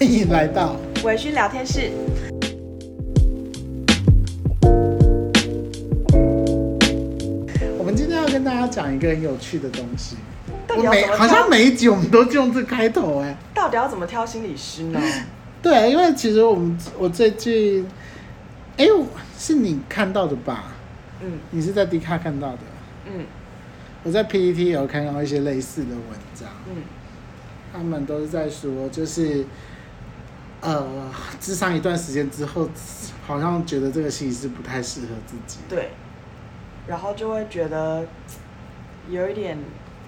歡 迎來到微醺聊天室。我們今天要跟大家講一個很有趣的東西。我每好像每一集我們都用這開頭哎。到底要怎麼挑心理師呢？對，因為其實我們我最近，哎、欸，是你看到的吧，嗯？你是在 Dcard 看到的。我在 PTT 有看到一些類似的文章。他們都是在說，就是。呃，諮商一段時間之後，好像覺得這個心理師是不太適合自己。對，然後就會覺得有一點，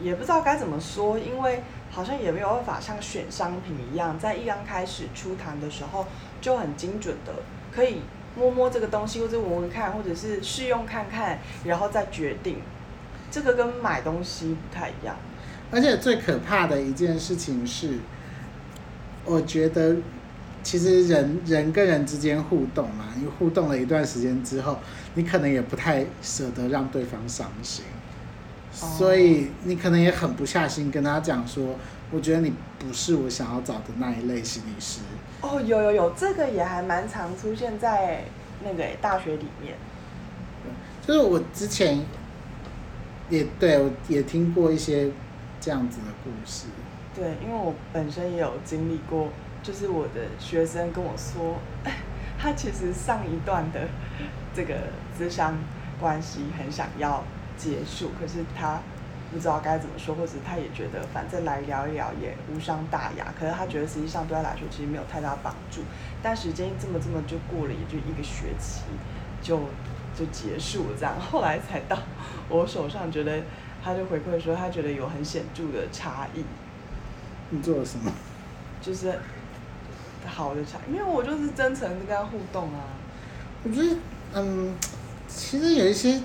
也不知道該怎麼說，因為好像也沒有辦法像選商品一樣，在一剛開始初談的時候就很精準的，可以摸摸這個東西，或者聞聞看，或者是試用看看，然後再決定。這個跟買東西不太一樣，而且最可怕的一件事情是，我覺得。其實人，人人跟人之間互動嘛、啊，你互動了一段時間之後，你可能也不太捨得讓對方傷心，哦，所以你可能也狠不下心跟他講說：“我覺得你不是我想要找的那一類心理師。”哦，有有有，這個也還蠻常出現在那個大學裡面。就是我之前也對，我也聽過一些這樣子的故事。對，因為我本身也有經歷過。就是我的學生跟我說，他其實上一段的這個諮商關係很想要結束，可是他不知道該怎麼說，或者他也覺得反正來聊一聊也無傷大雅，可是他覺得實際上對他來說其實沒有太大幫助。但時間這麼這麼就過了，也就一個學期就就結束這樣。後來才到我手上，覺得他就回饋說他覺得有很顯著的差異。你做了什麼？就是。好的，才，因為我就是真誠跟他互動啊。我覺得，嗯，其實有一些，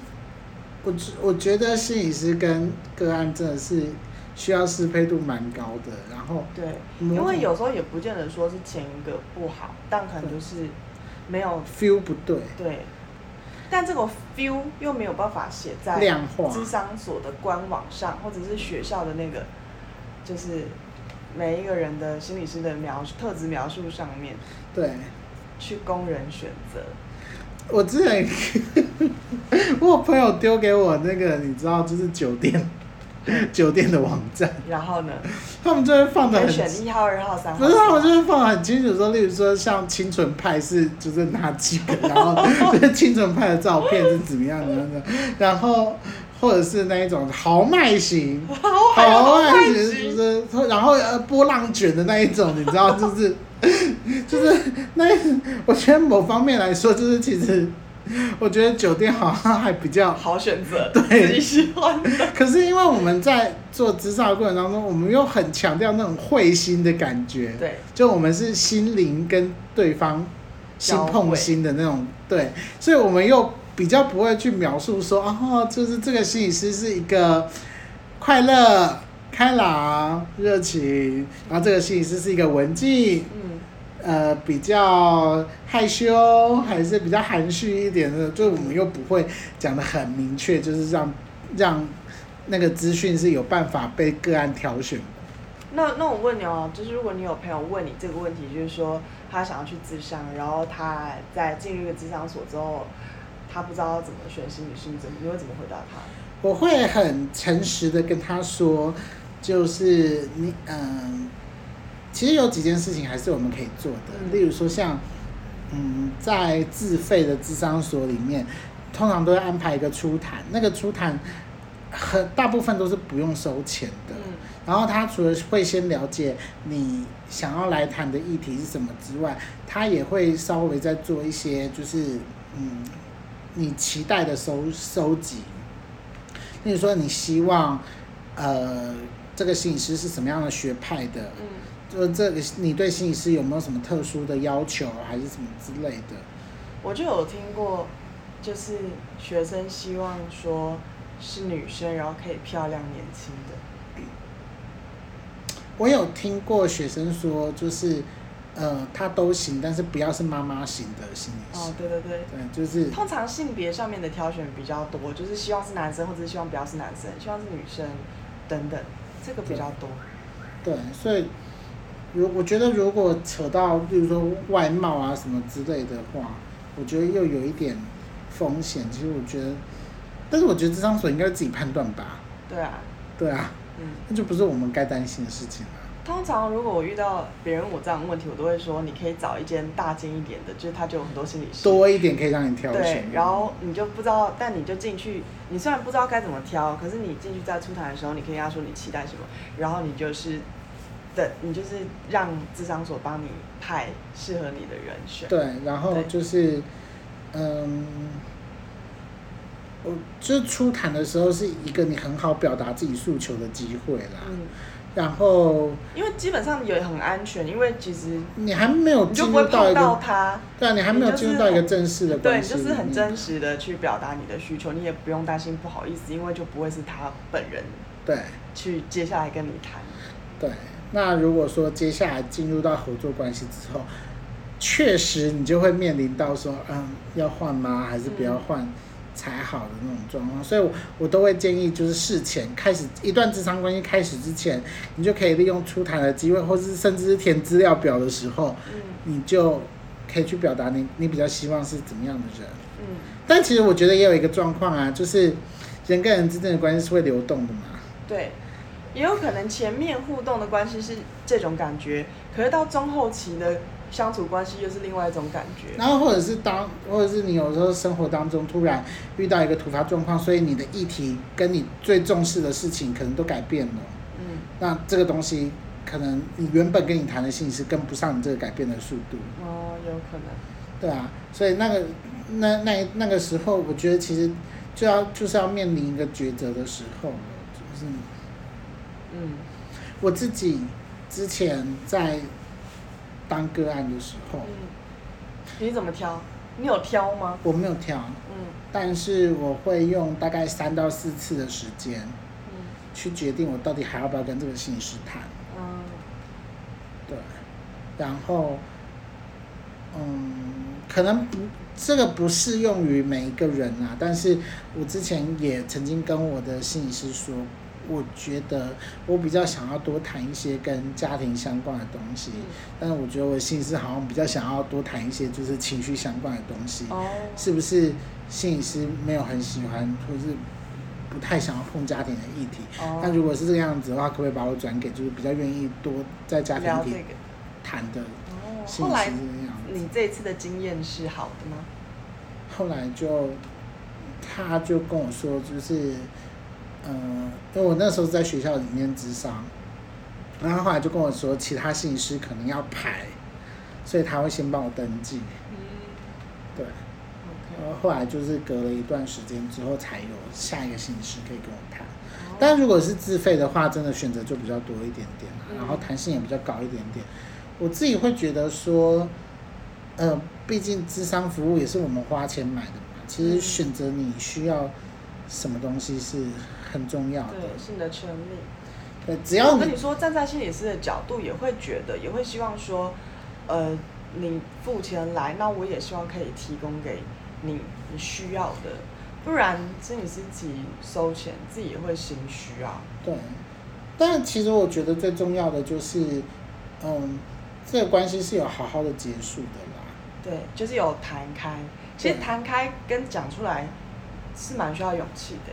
我我覺得心理師跟個案真的是需要適配度蠻高的。然後，對，因為有時候也不見得說是前一個不好，但可能就是沒有，沒有 feel 不對。對，但這個 feel 又沒有辦法寫在量化諮商所的官網上，或者是學校的那個，就是。每一個人的心理師的描述特質描述上面，對，去供人選擇。我之前，呵呵我朋友丟給我那個，你知道，就是酒店，酒店的網站。然後呢，他們就會放的很選一號、二號、三號。不是，他們就會放的很清楚說，例如說像清純派是就是哪幾個， 然後清純派的照片是怎麼樣的樣 然後。或者是那一種豪邁型，豪 邁型是不是， 然後呃波浪捲的那一種，你知道就是 就是那一，我覺得某方面來說，就是其實我覺得酒店好像還比較好選擇，對自己喜歡的。 可是因為我們在做諮商過程當中，我們又很強調那種會心的感覺，對，就我們是心靈跟對方心碰心的那種，對，所以我們又。比較不會去描述說，啊、哦、就是這個心理師是一個快樂、開朗、熱情，然後這個心理師是一個文靜，嗯，呃，比較害羞還是比較含蓄一點的，就我們又不會講得很明確，就是讓讓那個資訊是有辦法被個案挑選。那那我問你哦，就是如果你有朋友問你這個問題，就是說他想要去諮商，然後他在進入一個諮商所之後。他、啊、不知道怎麼選心理師怎麼，你會怎麼回答他？我會很誠實的跟他說，就是你，嗯，其實有幾件事情還是我們可以做的，嗯、例如說像，嗯，在自費的諮商所裡面，通常都會安排一個初談，那個初談，很大部分都是不用收錢的、嗯，然後他除了會先了解你想要來談的議題是什麼之外，他也會稍微再做一些，就是，嗯。你期待的收收集，例如說你希望，呃，這個心理師是什麼樣的學派的？嗯，就這個，你對心理師有沒有什麼特殊的要求，還是什麼之類的？我就有聽過，就是學生希望說是女生，然後可以漂亮、年輕的。我有聽過學生說，就是。呃，他都行，但是不要是媽媽型的心理師哦，對對對，對，就是。通常性別上面的挑選比較多，就是希望是男生，或者是希望不要是男生，希望是女生，等等，這個比較多。對，對所以，如我覺得如果扯到，比如說外貌啊什麼之類的話，嗯，我覺得又有一點風險。其實我覺得，但是我覺得這張手應該自己判斷吧。對啊。對啊。嗯。那就不是我們該擔心的事情。通常，如果我遇到別人我這樣的問題，我都會說：你可以找一間大間一點的，就是它就有很多心理師多一點可以讓你挑選。然後你就不知道，但你就進去。你雖然不知道該怎麼挑，可是你進去在初談的時候，你可以跟他說你期待什麼，然後你就是的，你就是讓諮商所幫你派適合你的人選。對，然後就是，嗯，我就是初談的時候是一個你很好表達自己訴求的機會啦。嗯然後，因為基本上也很安全，因為其實你還沒有進入到，就不會碰到他，對，你還沒有進入到一個正式的關係，對，就是很真實的去表達你的需求，你也不用擔心不好意思，因為就不會是他本人對去接下來跟你談，對。那如果說接下來進入到合作關係之後，確實你就會面臨到說，嗯，要換嗎？還是不要換？嗯才好的那種狀況，所以我，我我都會建議，就是事前開始一段諮商關係開始之前，你就可以利用初談的機會，或是甚至是填資料表的時候，嗯，你就可以去表達你你比較希望是怎麼樣的人，嗯。但其實我覺得也有一個狀況啊，就是人跟人之間的關係是會流動的嘛。對，也有可能前面互動的關係是這種感覺，可是到中後期呢？相處關係又是另外一種感覺。然後，或者是當，或者是你有時候生活當中突然遇到一個突發狀況，所以你的議題跟你最重視的事情可能都改變了。嗯。那這個東西可能你原本跟你談的信息，跟不上你這個改變的速度。哦，有可能。對啊，所以那個那那那，那個時候，我覺得其實就要就是要面臨一個抉擇的時候了。就是嗯。我自己之前在。當個案的時候，嗯，你怎麼挑？你有挑嗎？我沒有挑，嗯，但是我會用大概三到四次的時間，去決定我到底還要不要跟這個心理師談，嗯，對，然後，嗯，可能這個不適用於每一個人啊，但是我之前也曾經跟我的心理師說。我覺得我比較想要多談一些跟家庭相關的東西，但是我覺得我心理師好像比較想要多談一些就是情緒相關的東西，是不是心理師沒有很喜歡，或是不太想要碰家庭的議題？那如果是這個樣子的話，可不可以把我轉給就是比較願意多在家庭裡談的心理師？這樣子。你這次的經驗是好的嗎？後來就他就跟我說，就是。嗯，因為我那時候在學校裡面諮商，然後後來就跟我說，其他心理師可能要排，所以他會先幫我登記。嗯，對。然後後來就是隔了一段時間之後，才有下一個心理師可以跟我談。但如果是自費的話，真的選擇就比較多一點點，然後彈性也比較高一點點。我自己會覺得說，呃，畢竟諮商服務也是我們花錢買的嘛，其實選擇你需要。什麼東西是很重要的？對，是你的權利。對，只要我跟你說，站在心理師的角度，也會覺得，也會希望說，呃，你付錢來，那我也希望可以提供給你你需要的，不然心理師自己收錢，自己也會心虛啊。對，但其實我覺得最重要的就是，嗯，這個關係是有好好的結束的啦。對，就是有談開。其實談開跟講出來。是蠻需要勇氣的，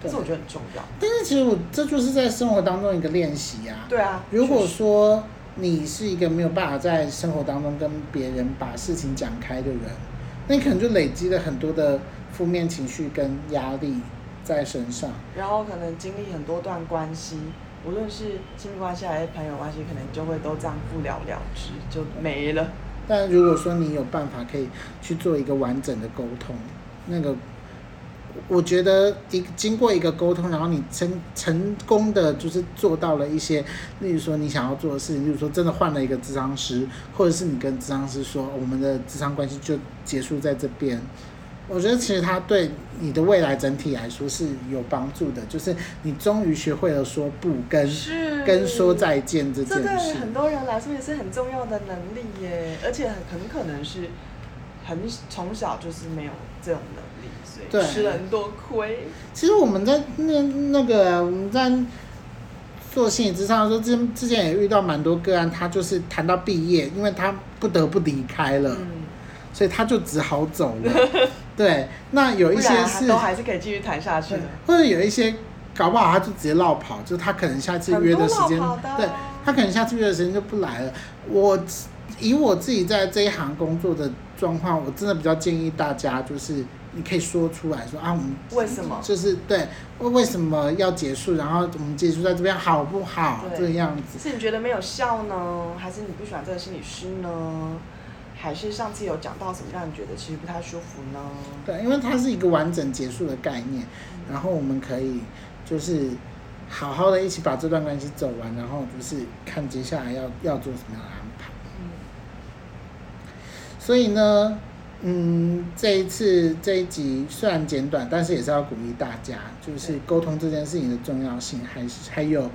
這是我覺得很重要，哦，但是其實我這就是在生活當中一個練習呀、啊。對啊。如果說你是一個沒有辦法在生活當中跟別人把事情講開的人，那你可能就累積了很多的負面情緒跟壓力在身上。然後可能經歷很多段關係，無論是親密關係還是，哎，朋友關係，可能就會都這樣不了了之就沒了。但如果說你有辦法可以去做一個完整的溝通，那個。我覺得一經過一個溝通，然後你成成功的就是做到了一些，例如說你想要做的事情，例如說真的換了一個諮商師，或者是你跟諮商師說我們的諮商關係就結束在這邊。我覺得其實他對你的未來整體來說是有幫助的，就是你終於學會了說不跟跟說再見這件事。這對很多人來說也是很重要的能力耶，而且很很可能是很從小就是沒有這種能力，所以吃了很多虧。其實我們在那那個我們在做心理諮商的時候，之之前也遇到蠻多個案，他就是談到畢業，因為他不得不離開了，嗯、所以他就只好走了。 對，那有一些是、啊、都還是可以繼續談下去的，嗯、或者有一些搞不好他就直接落跑，就他可能下次約的時間的，對，他可能下次約的時間就不來了。我以我自己在這一行工作的狀況，我真的比較建議大家，就是你可以說出來說，說啊，我們為什麼就是對，為為什麼要結束，然後我們結束在這邊好不好？這個樣子。是你覺得沒有效呢，還是你不喜歡這個心理師呢，還是上次有講到什麼讓你覺得其實不太舒服呢？對，因為它是一個完整結束的概念，嗯，然後我們可以就是好好的一起把這段關係走完，然後就是看接下來要要做什麼樣所以呢，嗯，這一次這一集雖然簡短，但是也是要鼓勵大家，就是溝通這件事情的重要性還，還是還有。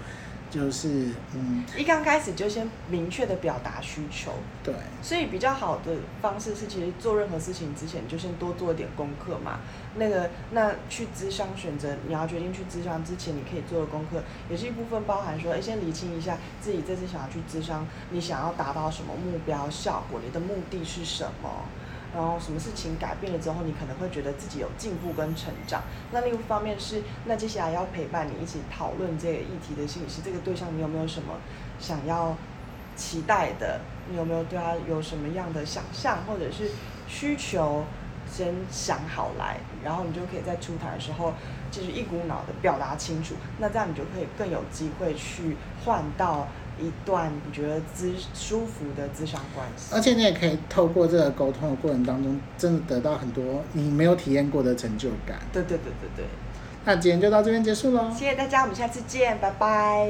就是，嗯，一剛開始就先明確的表達需求。對，所以比較好的方式是，其實做任何事情之前，你就先多做一點功課嘛。那個，那去諮商選擇，你要決定去諮商之前，你可以做的功課，也是一部分包含說，哎、欸，先釐清一下自己這次想要去諮商，你想要達到什麼目標效果，你的目的是什麼？然後什麼事情改變了之後，你可能會覺得自己有進步跟成長。那另一方面是，那接下來要陪伴你一起討論這個議題的心理師這個對象，你有沒有什麼想要期待的？你有沒有對他有什麼樣的想象或者是需求？先想好來，然後你就可以在初談的時候，就是一股腦的表達清楚。那這樣你就可以更有機會去換到。一段你覺得舒服的諮商關係，而且你也可以透過這個溝通的過程當中，真的得到很多你沒有體驗過的成就感。對對對對，對，對，那今天就到這邊結束咯。謝謝大家，我們下次見，拜拜。